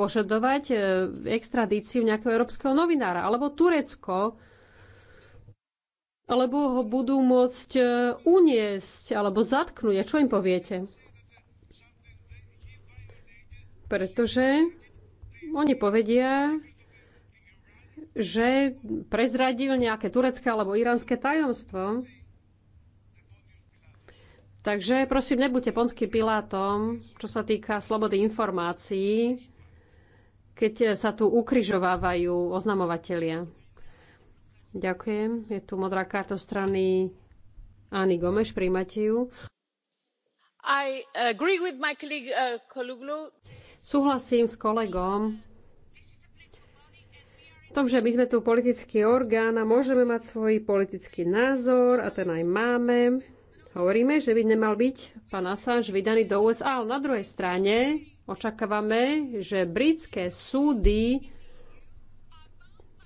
požadovať e, extradíciu nejakého európskeho novinára, alebo Turecko, alebo ho budú môcť e, uniesť alebo zatknúť. A čo im poviete? Pretože oni povedia, že prezradil nejaké turecké alebo iránske tajomstvo. Takže prosím, nebuďte ponským pilátom, čo sa týka slobody informácií keď sa tu ukryžovávajú oznamovatelia. Ďakujem. Je tu modrá karta strany Ani Gomeš, príjmate ju. I agree with my colleague, uh, Súhlasím s kolegom v tom, že my sme tu politický orgán a môžeme mať svoj politický názor a ten aj máme. Hovoríme, že by nemal byť pán Assange vydaný do USA, ale na druhej strane očakávame, že britské súdy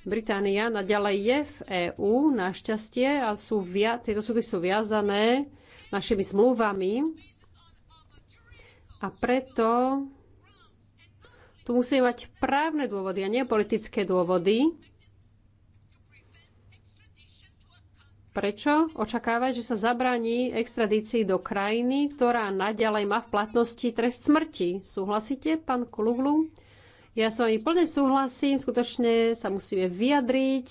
Británia naďalej je v EÚ, našťastie, a sú via- tieto súdy sú viazané našimi zmluvami. A preto tu musíme mať právne dôvody a nie politické dôvody. Prečo očakávať, že sa zabraní extradícii do krajiny, ktorá naďalej má v platnosti trest smrti? Súhlasíte, pán Kluglu? Ja s vami plne súhlasím, skutočne sa musíme vyjadriť.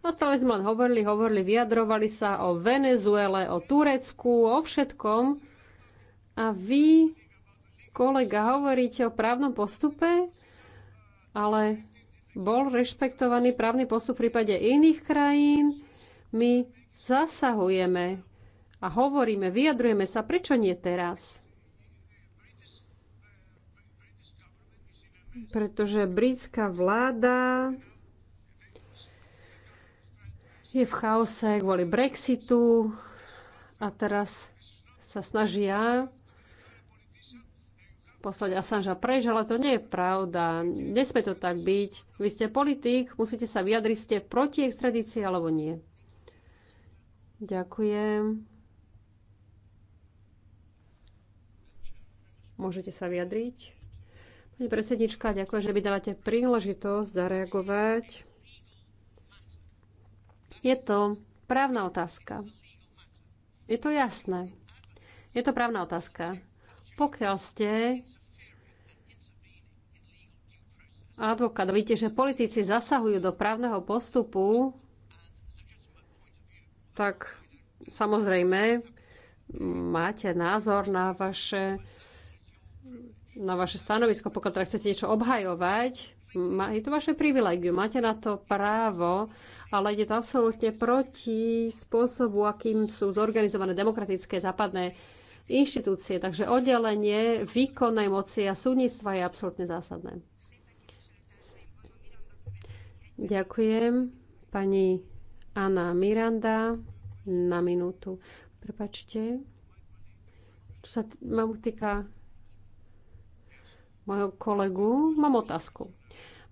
A stále sme len hovorili, hovorili, vyjadrovali sa o Venezuele, o Turecku, o všetkom. A vy, kolega, hovoríte o právnom postupe, ale bol rešpektovaný právny postup v prípade iných krajín. My Zasahujeme a hovoríme, vyjadrujeme sa, prečo nie teraz? Pretože britská vláda je v chaose kvôli Brexitu a teraz sa snažia poslať Assange preč, ale to nie je pravda. Nesme to tak byť. Vy ste politik, musíte sa vyjadriť, ste proti extradícii alebo nie. Ďakujem. Môžete sa vyjadriť. Pani predsednička, ďakujem, že mi dávate príležitosť zareagovať. Je to právna otázka. Je to jasné. Je to právna otázka. Pokiaľ ste advokát, vidíte, že politici zasahujú do právneho postupu, tak samozrejme máte názor na vaše, na vaše stanovisko, pokiaľ teda chcete niečo obhajovať. Je to vaše privilegium, máte na to právo, ale ide to absolútne proti spôsobu, akým sú zorganizované demokratické západné inštitúcie. Takže oddelenie výkonnej moci a súdnictva je absolútne zásadné. Ďakujem. Pani Anna Miranda na minútu. Prepačte. Čo sa mám týka môjho kolegu, mám otázku.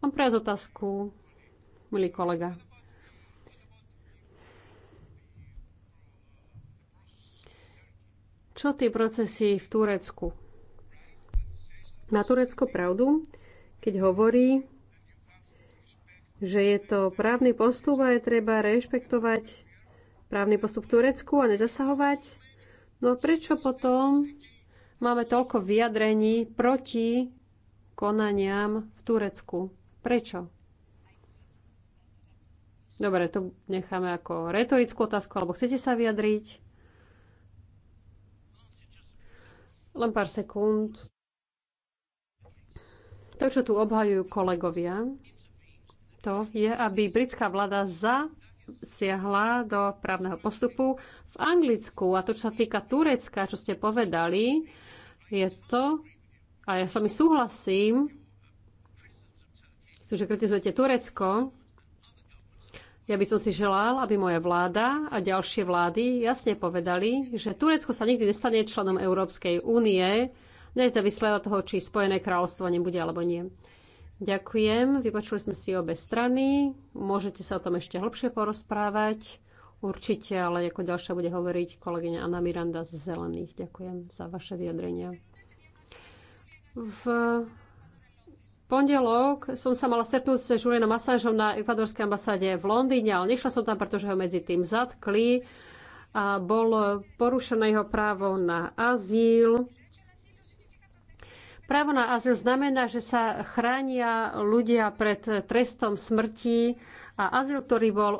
Mám pre vás otázku, milý kolega. Čo tie procesy v Turecku? Má Turecko pravdu, keď hovorí, že je to právny postup a je treba rešpektovať právny postup v Turecku a nezasahovať. No prečo potom máme toľko vyjadrení proti konaniam v Turecku? Prečo? Dobre, to necháme ako retorickú otázku, alebo chcete sa vyjadriť? Len pár sekúnd. To, čo tu obhajujú kolegovia, to je, aby britská vláda zasiahla do právneho postupu v Anglicku. A to, čo sa týka Turecka, čo ste povedali, je to, a ja s vami súhlasím, že kritizujete Turecko, ja by som si želal, aby moja vláda a ďalšie vlády jasne povedali, že Turecko sa nikdy nestane členom Európskej únie, nezávisle od toho, či Spojené kráľovstvo nebude alebo nie. Ďakujem. Vypočuli sme si obe strany. Môžete sa o tom ešte hlbšie porozprávať. Určite, ale ako ďalšia bude hovoriť kolegyňa Anna Miranda z Zelených. Ďakujem za vaše vyjadrenia. V pondelok som sa mala stretnúť s Julianom Masážom na ekvadorskej ambasáde v Londýne, ale nešla som tam, pretože ho medzi tým zatkli a bol porušené jeho právo na azyl Právo na azyl znamená, že sa chránia ľudia pred trestom smrti a azyl, ktorý bol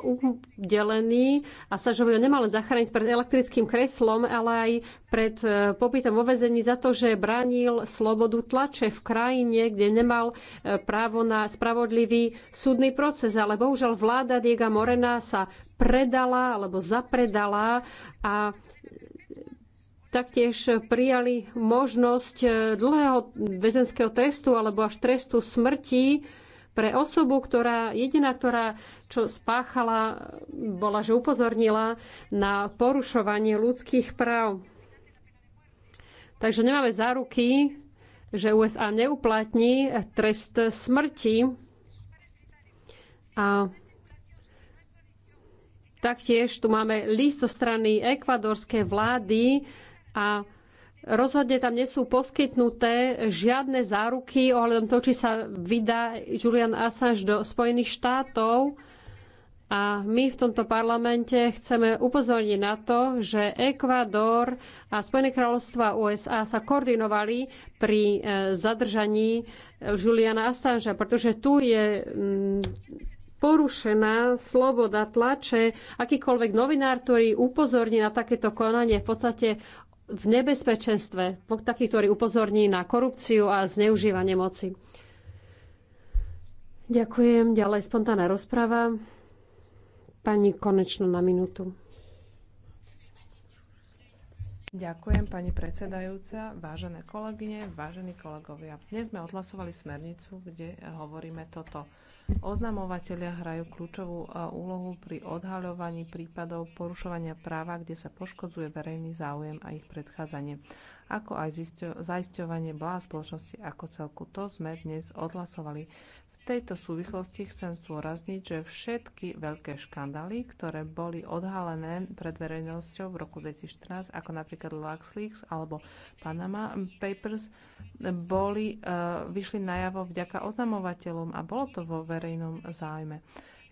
udelený a sa že ho nemalo zachrániť pred elektrickým kreslom, ale aj pred e, pobytom vo vezení za to, že bránil slobodu tlače v krajine, kde nemal e, právo na spravodlivý súdny proces. Ale bohužiaľ vláda Diega Morena sa predala alebo zapredala a taktiež prijali možnosť eh, dlhého väzenského trestu alebo až trestu smrti pre osobu, ktorá jediná, ktorá čo spáchala, bola, že upozornila na porušovanie ľudských práv. Takže nemáme záruky, že USA neuplatní trest smrti a taktiež tu máme list zo strany ekvadorskej vlády, a rozhodne tam nie sú poskytnuté žiadne záruky ohľadom toho, či sa vydá Julian Assange do Spojených štátov. A my v tomto parlamente chceme upozorniť na to, že Ekvador a Spojené kráľovstva USA sa koordinovali pri e, zadržaní Juliana Assangea, pretože tu je mm, porušená sloboda tlače. Akýkoľvek novinár, ktorý upozorní na takéto konanie, v podstate v nebezpečenstve, taký, ktorí upozorní na korupciu a zneužívanie moci. Ďakujem. Ďalej spontánna rozprava. Pani konečno na minútu. Ďakujem, pani predsedajúca, vážené kolegyne, vážení kolegovia. Dnes sme odhlasovali smernicu, kde hovoríme toto Oznamovatelia hrajú kľúčovú úlohu pri odhaľovaní prípadov porušovania práva, kde sa poškodzuje verejný záujem a ich predchádzanie, ako aj zaisťovanie blá spoločnosti ako celku. To sme dnes odhlasovali v tejto súvislosti chcem zdôrazniť, že všetky veľké škandály, ktoré boli odhalené pred verejnosťou v roku 2014, ako napríklad LuxLeaks alebo Panama Papers, boli, e, vyšli najavo vďaka oznamovateľom a bolo to vo verejnom záujme.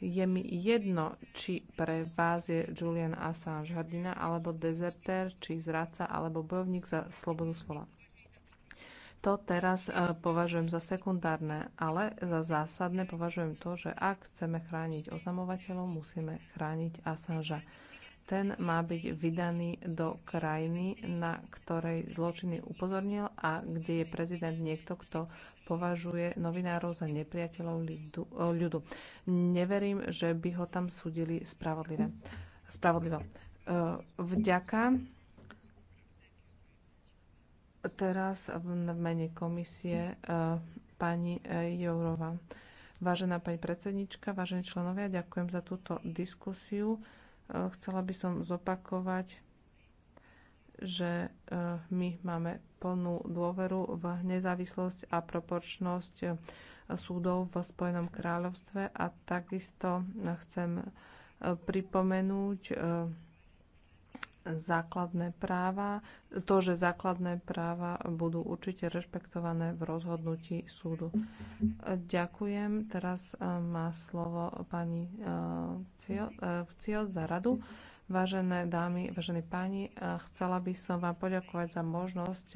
Je mi jedno, či pre vás je Julian Assange hrdina, alebo dezertér, či zradca, alebo bojovník za slobodu slova. To teraz e, považujem za sekundárne, ale za zásadné považujem to, že ak chceme chrániť oznamovateľov, musíme chrániť Assangea. Ten má byť vydaný do krajiny, na ktorej zločiny upozornil a kde je prezident niekto, kto považuje novinárov za nepriateľov ľudu. E, ľudu. Neverím, že by ho tam súdili spravodlivo. E, vďaka Teraz v mene komisie e, pani e, Jourova. Vážená pani predsednička, vážení členovia, ďakujem za túto diskusiu. E, chcela by som zopakovať, že my máme plnú dôveru v nezávislosť a proporčnosť súdov v Spojenom kráľovstve a takisto chcem pripomenúť základné práva, to, že základné práva budú určite rešpektované v rozhodnutí súdu. Ďakujem. Teraz e, má slovo pani e, Ciot e, za radu. Vážené dámy, vážení páni, chcela by som vám poďakovať za možnosť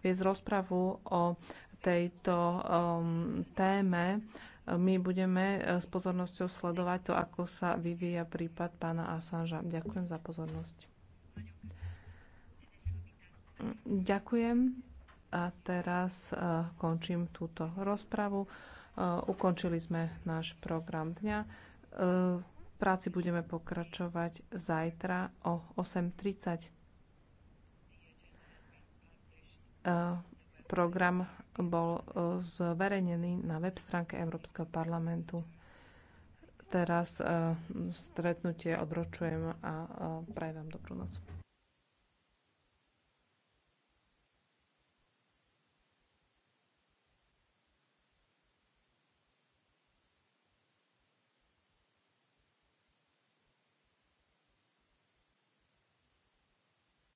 viesť rozpravu o tejto um, téme. My budeme s pozornosťou sledovať to, ako sa vyvíja prípad pána Assangea. Ďakujem za pozornosť. Ďakujem a teraz e, končím túto rozpravu. E, ukončili sme náš program dňa. E, v práci budeme pokračovať zajtra o 8.30. Program bol zverejnený na web stránke Európskeho parlamentu. Teraz stretnutie odročujem a prajem vám dobrú noc.